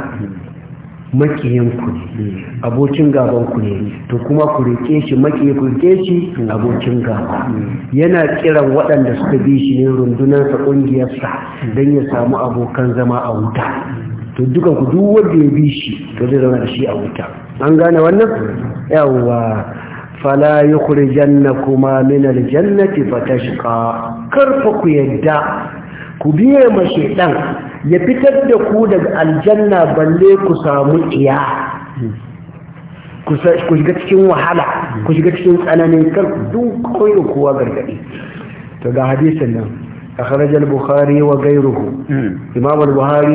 makiyinku ne abokin gabanku ne to kuma ku riƙe shi makiyi ku rike shi abokin gaba yana kiran waɗanda suka bi shi ne rundunarsa ƙungiyarsa don ya samu abokan zama a wuta to duka ku duk wanda ya bi shi to zai zama da shi a wuta an gane wannan yawwa fala yukhrijannakuma min aljannati fatashqa karfa ku yadda ku biye ma ya fitar da ku daga aljanna balle ku samu iya ku shiga cikin wahala ku shiga cikin tsananin kar duk koyi kowa gargadi to ga hadisin nan أخرج البخاري وغيره إمام البخاري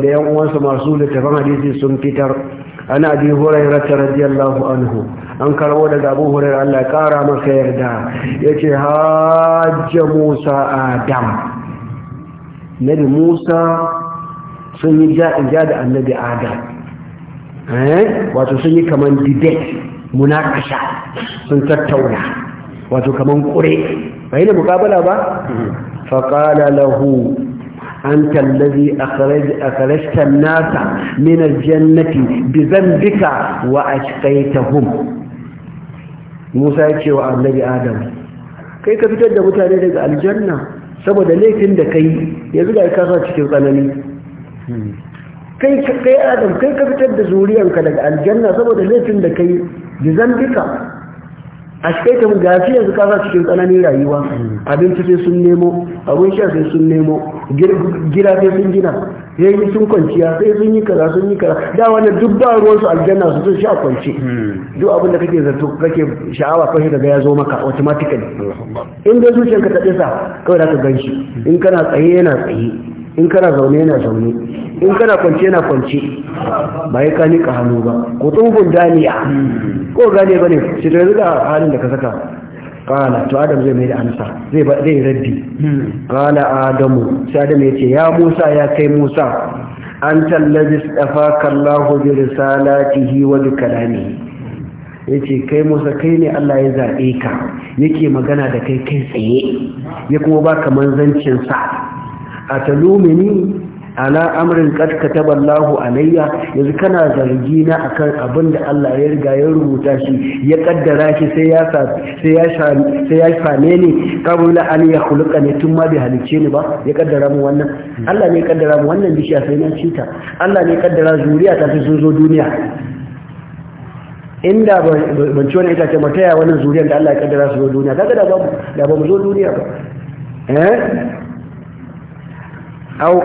ديان وانس مرسول تفهم حديث سنفتر أنا أبي هريرة رضي الله عنه أنكر ولد أبو هريرة الله كارم خير دا يتي هاج موسى آدم نبي موسى سنجي جاء جاد النبي آدم واتو كمان ديبت مناقشة سنة سنتتونا واتو كمان قري فهنا مقابلة با فقال له أنت الذي أخرج أخرجت الناس من الجنة بذنبك وأشقيتهم موسى يتشي النبي آدم كيف تجد متى الجنة saboda laifin da kai yanzu ga kasa cikin tsanani kai kai adam kai ka fitar da zuriyanka daga aljanna saboda laifin da kai bi duka. a cikin tamu gashi yanzu kasa cikin tsananin rayuwa abinci sai sun nemo abin sha sai sun nemo gira sai sun gina yayi sun kwanciya sai sun yi kaza sun yi kaza da wannan duk ba ruwan su aljanna su sun sha kwanci hmm. duk abin da kake zato kake sha'awa kawai daga ya zo maka automatically in dai zuciyarka ta tsisa kawai za ka ganshi in kana tsaye yana tsaye in kana zaune yana zaune in kana kwance yana kwance ba ya ka hannu ba ko tsohon daniya ko gane ba ne shi da yanzu da halin da ka saka kala to adam zai mai da amsa zai ba raddi kala adamu sai adam ya ce ya musa ya kai musa an tallazi tsafaka allahu bi risalatihi wa bi kalamihi ya ce kai musa kai ne Allah ya zaɓe ka yake magana da kai kai tsaye ya kuma ba ka sa. atalumini ala amrin kad kataballahu alayya yanzu kana zargi na akan abin da Allah ya riga ya rubuta shi ya kaddara shi sai ya sai ya sai ya same ni qabla an yakhluqa ne tun ma bi halice ni ba ya kaddara mu wannan Allah ne ya kaddara mu wannan bishiya sai na cita Allah ne ya kaddara zuriya ta sun zo duniya inda ban ci wani itace mataya wannan zuriyar da Allah ya kaddara su zo duniya kaga da ba mu zo duniya ba eh aw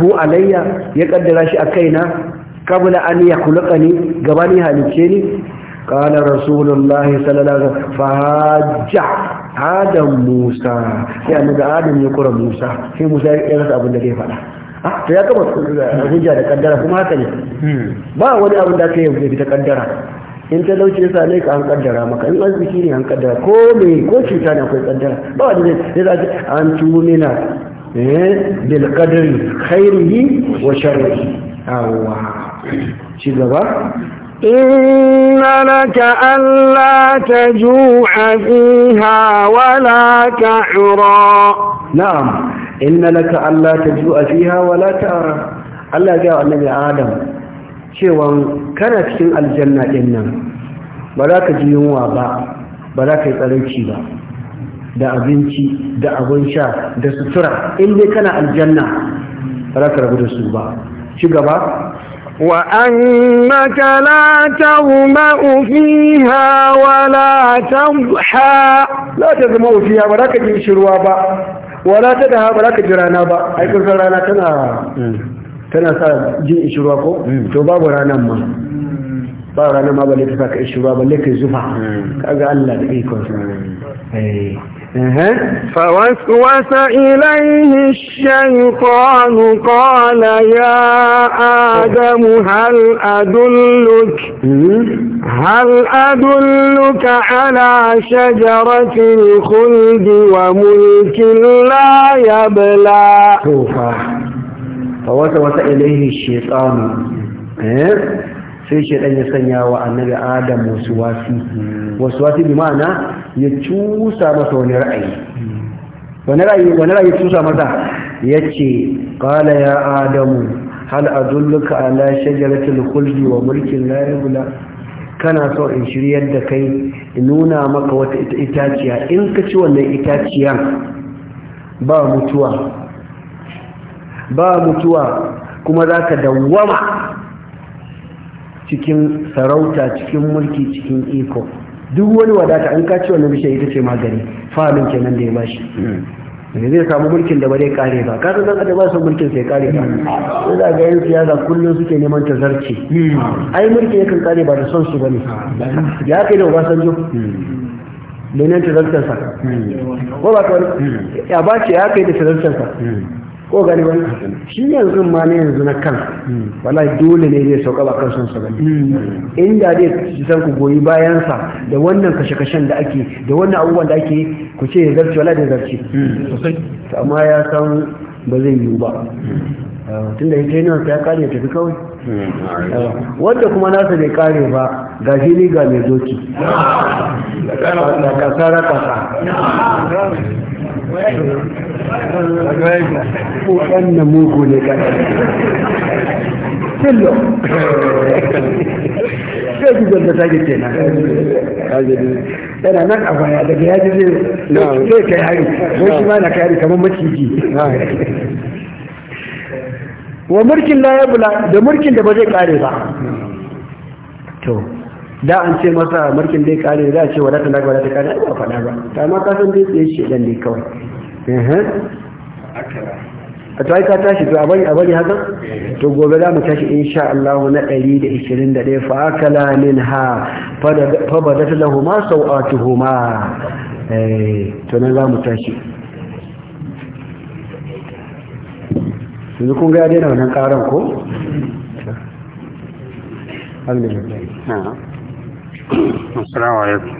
hu alayya ya kaddara shi a kaina kabla an yakhluqani gabani halice ni qala rasulullahi sallallahu alaihi wa wasallam fahajja adam musa sai annabi adam ya kura musa sai musa ya rasa abin da zai faɗa to ya gaba hujja da kaddara kuma haka ne ba wani abin da kai yau da kaddara in ta lauce ya same ka an kaddara maka in arziki ne an kaddara ko me ko cuta ne akwai kaddara ba wani ne, zai zai an tumina bil eh, qadri khairihi wa sharrihi awwa ci gaba ta لك ألا تجوع فيها ولا تعرى نعم إن لك ألا تجوع فيها ولا تعرى الله جاء النبي Adam cewa kana cikin aljanna din nan ba za ka ji yunwa ba ba za ka yi tsarauci ba da abinci da abin sha da sutura in dai kana aljanna ba za ka rabu da su ba ci gaba وأنك لا تغمأ فيها ولا تضحى لا تغمأ فيها ولا كجي شروابا ولا تدها ولا كجرانا با أي كنت رانا تنا تنا سا جي شروابا تو ما باب ما بلي Ka شروابا لك زفا كأغا الله لإيكوز فوسوس إليه الشيطان قال يا آدم هل أدلك هل أدلك على شجرة الخلد وملك لا يبلى فوسوس إليه الشيطان ايه؟ sai ke ya sanya wa annabi adam wasu wasi hmm. wasu wasi bi ma'ana ya cusa masa wani ra'ayi hmm. wani ra'ayi wani ra'ayi cusa masa ce qala ya adamu hal adulluka ala shajaratil khuldi wa mulkin la yabla kana so in shiryar da kai in nuna maka wata itaciya in ka ci wannan itaciyan ba mutuwa ba mutuwa kuma za ka dawwama cikin sarauta cikin mulki cikin iko duk wani wadata an kaci wannan bishiya ita ce magani fahimin kenan da ya bashi da zai samu mulkin da ba zai kare ba kasan nan da ba su mulkin sai kare ba sai da ga yin siyasa kullum suke neman ta zarce ai mulkin yakan kare ba da son su bane ya kai da obasanjo domin ta zartarsa ko ba kawai ya ba ce ya kai da ta zartarsa ko gani wani shi yanzu ma ne yanzu na kan wala dole ne zai sauka ba kan sa bane inda zai san ku goyi bayansa da wannan kashe-kashen da ake da wannan abubuwan da ake ku ce ya zarce wala da ya zarce amma ya san ba zai yiwu ba tunda ya ce nan ya kare tafi kawai wanda kuma nasa bai kare ba ga shi ga mai zoci da kasara kasa ta ke nan a baya daga yaji zai kai hari ko shi ma na kai hari kamar maciji wa mulkin la yabla da mulkin da ba zai kare ba to da an ce masa mulkin zai kare za a ce wadata na wadata kare ba faɗa ba ta ma ka san dai tsaye shi dan ne kawai a to ai ka tashi to a bari haka to gobe za mu tashi insha Allah na 121 fa akala minha fa badat lahumu sawatuhuma eh to nan za mu tashi yanzu kun ga daina wannan karan ko assalamu alaikum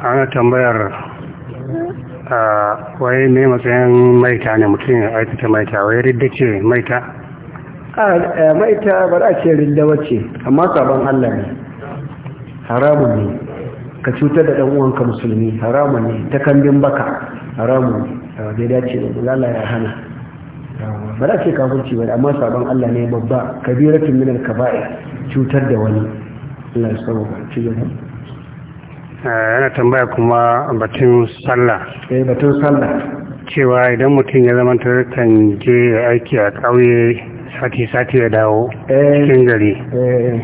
ana tambayar uh, wai ne matsayin maita ne mutum ya aikata maita wai ridda ce maita A maita ba za ce ridda wace amma sabon allah ne haramun ne ka cutar da ɗan uwanka musulmi haramun ne ta kambin baka haramun ne da ya dace da Allah ya hana ba za ce kafirci ba amma sabon Allah ne babba kabiratun minar ka bai cutar da wani Allah ya saba ci gaba eh, yana tambaya kuma batun sallah eh batun sallah cewa idan mutum ya zama kan je aiki a kauye sati-sati ya dawo eh. cikin gari eh.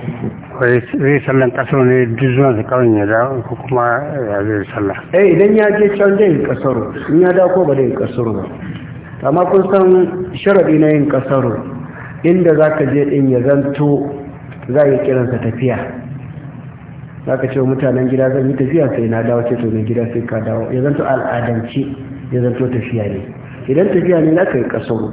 zai sallan kasar ne duk zuwan su kawai ya da kuma ya zai sallah eh idan ya je can zai kasaro in ya da ba zai yi kasaro ba amma kun san sharadi na yin kasaro inda za ka je din ya zanto za a yi kiransa tafiya za ka ce wa mutanen gida zan yi tafiya sai na dawo ce to na gida sai ka dawo ya zanto al'adance ya zanto tafiya ne idan tafiya ne za ka yi kasaro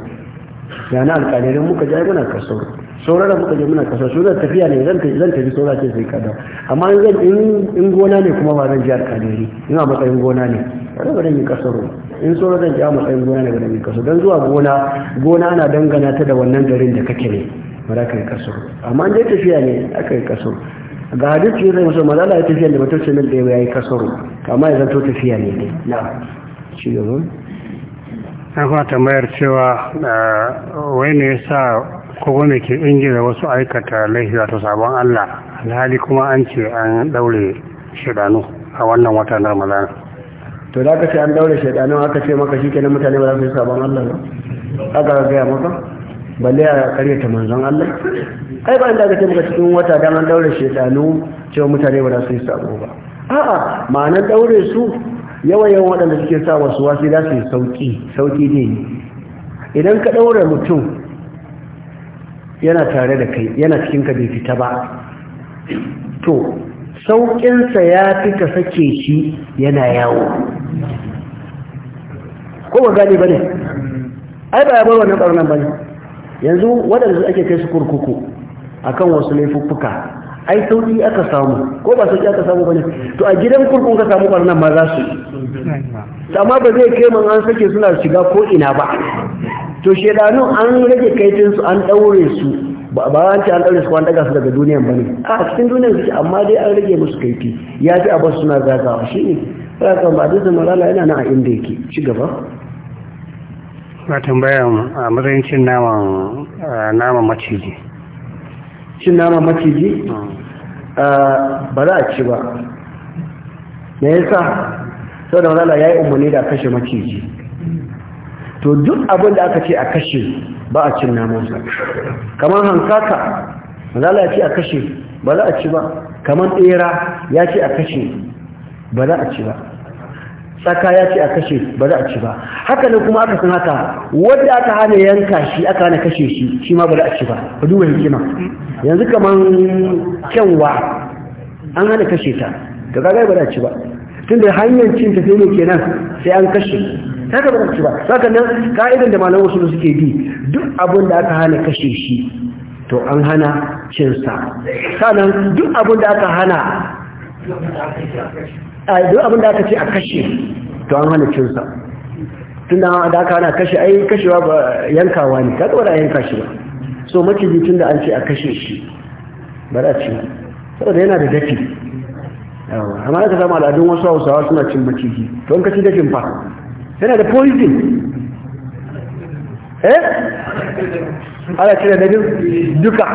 yana alƙalirin muka ji ai muna kasaro sauran da muka je muna kasa sauran tafiya ne zan tafi zan tafi sauran ce sai kada amma in zan in gona ne kuma ba zan jihar kadiri ina matsayin gona ne kada ba zan yi kasaro in sauran zan ji a matsayin gona ne ba zan yi kasaro don zuwa gona gona na dangana ta da wannan garin da kake ne ba za ka yi kasaro amma in dai tafiya ne aka yi kasaro ga hadisi zai musu mazala ya tafiya da mutum ce mil ɗaya ya yi kasaro amma ya zanto tafiya ne dai na ci gaba. An kuma tambayar cewa eh, wai ne ya sa ko wanda ke ingila wasu aikata laifi wato sabon Allah alhali kuma an ce an daure shaidanu a wannan wata na ramadana to da aka ce an daure shaidanu aka ce maka shi kenan mutane ba za su yi sabon Allah ba aka gaya maka balle a ta manzon Allah ai ba inda aka ce maka cikin wata dan an daure shaidanu cewa mutane ba za su yi sabo ba a'a ma'anar daure su yawan yawan waɗanda suke sa wasu wasu za su yi sauki sauki ne idan ka daure mutum yana tare da kai yana cikin ka bai fita ba to sauƙinsa ya fi ka sake shi yana yawo ko ba gane ba ne ai ba ya bar wannan ɓarnan ba ne yanzu waɗanda ake kai su kurkuku akan wasu laifuffuka ai sauƙi aka samu ko ba sauƙi aka samu ba ne to a gidan kurkun ka samu ɓarnan ma za su amma ba zai kai man an sake suna shiga ko ina ba to shedanu an rage kaitin su an daure su ba ba an an daure su ko an daga su daga duniyan bane a cikin duniyar su amma dai an rage musu kaiti ya ji abin suna zagawa shi ne ka ba duk malala yana nan a inda yake ci gaba Ba tambaya a matsayin cin naman naman maciji cin naman maciji hmm. ba za a ci ba me yasa saboda malala ya yi umarni da kashe maciji to duk abin da aka ce a kashe ba a cin namansa kamar hankaka zala ce a kashe ba za a ci ba kamar tsera ya ce a kashe ba za a ci ba tsaka ya ce a kashe ba za a ci ba haka ne kuma aka san haka wanda aka hana yanka shi aka hana kashe shi shi ma ba za a ci ba ba duba hikima yanzu kamar kyanwa an hana kashe ta ga gagai ba za a ci ba tunda hanyar cin ta sai ne kenan sai an kashe ta gaba da ci ba saka nan ka'idan da malamu su suke bi duk abin da aka hana kashe shi to an hana cinsa sanan duk abin da aka hana ai duk abin da aka ce a kashe to an hana cinsa tunda da aka hana kashe ai kashewa ba yankawa ne ka gaba da yanka shi ba so maciji tun da an ce a kashe shi ba za ci saboda yana da dafi amma aka samu al'adun wasu hausawa suna cin maciji to an kashi dafin fa yana da poison eh ala cire da duka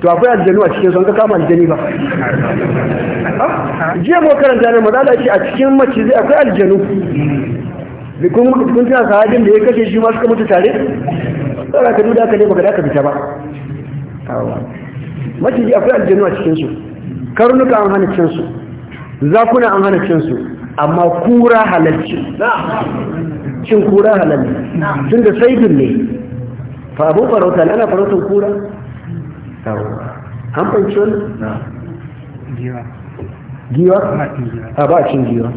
to akwai aljanu a cikin sun ka kama aljani ba ah, jiya mu karanta ne mazala shi a cikin mace zai akwai aljanu kun tana sahabin da ya kashe shi ma suka mutu tare tsara ka duda ka ne baka daka fita ba ji akwai aljanu a cikinsu karnuka an hana su. zakuna an hana su. amma kura halalci cin kura halalci tun da saidin ne fa abin farauta ne ana farautar kura an fanci wani giwa a ba cin giwa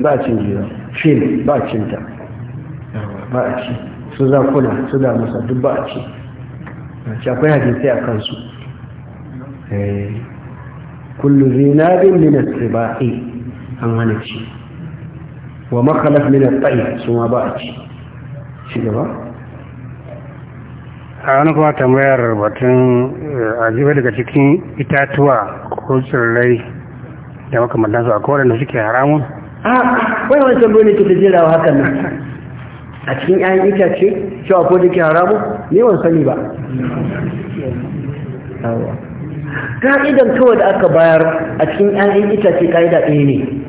ba cin giwa fil ba cinta ba a ci su kula su musa duk ba a ci akwai hadisai a kansu eh. kullu zinabin minas ba'i an hana ci wa makalaf min al-tayy su ma ba a ci shi gaba a wani kuma tambayar batun eh, a ajiba daga cikin itatuwa ko tsirrai da su a kowane da suke haramun a wai wani tambayi ne ke jirawa hakan nan a cikin 'ya'yan itace cewa ko da ke haramu ne wani sani ba ka'idan kawai da aka bayar a cikin 'ya'yan itace ka'ida ɗaya ne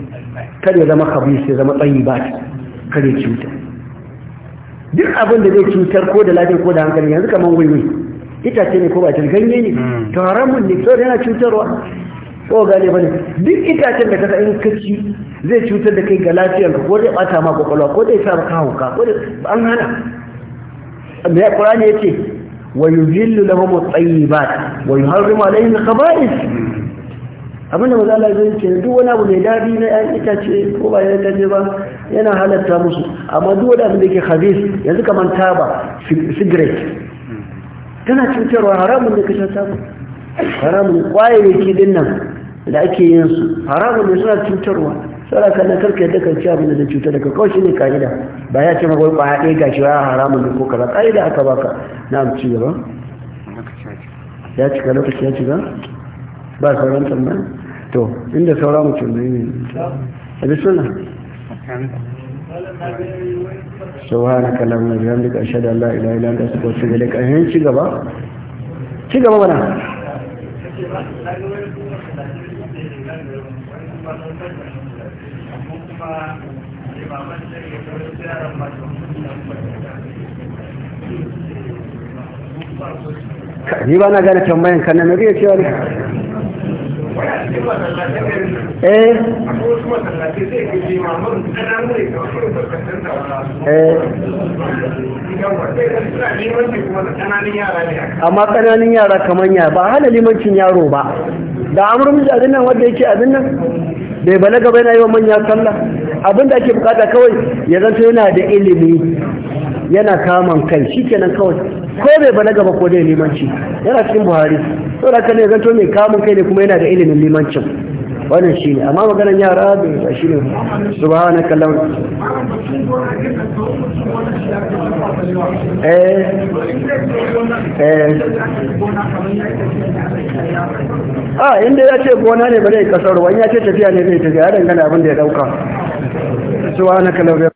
kar ya zama khabis ya zama tsayi ba kar ya cuta duk abin da zai cutar ko da lafiya ko da hankali yanzu kamar waiwai itace ne ko ba ta ganye ne hmm. to haramun ne to yana cutarwa ko gane bane duk itacen da kasa in kaci zai cutar da kai ga lafiyarka ko zai bata ma kwakwalwa ko zai sa maka hauka ko an hana me qur'ani yace wa yuzillu lahum at-tayyibat wa yuharrimu alayhim al-khaba'ith hmm. abinda maza Allah zai ke duk wani abu mai dadi na ƴan itace ko ba ya kaje ba yana halatta musu amma duk wani abu da ke habis yanzu kamar taba cigarette tana cutarwa haramun da kashe taba haramun ke din nan da ake yin su haramun ne suna cutarwa sai ka na karka yadda kan ci da cutar da ka kawai ne kaida ba ya ce magwai ba ya ɗaya gashi ya ah, haramun da ko kaza kaida aka baka na amci gaba ya cika lokaci ya cika ba sauran tambaya to inda saura mutum ne ne a bi suna subhana kallam na biyan duka shaɗa allah ila ila da su ko su gale ƙarfin ci gaba ci gaba mana ni ba na gane tambayan kan na mai cewa ne Eh. eh amma ƙananan yara kamar ya ba hana limancin yaro ba da amurin da abin nan wadda yake abin nan bai balaga bai na yi wa manya sallah abinda ake bukata kawai ya zanto yana da ilimi yana kama kai shikenan kawai ko bai balaga gaba ko dai limanci yana cikin buhari to da ne zanto mai kamun kai ne kuma yana da ilimin limancin wannan shi ne amma maganar yara da shi ne subhana kallon eh eh ah inda ya ce gona ne ba zai kasar wani ya ce tafiya ne zai tafiya ya dangana abin da ya dauka subhana kallon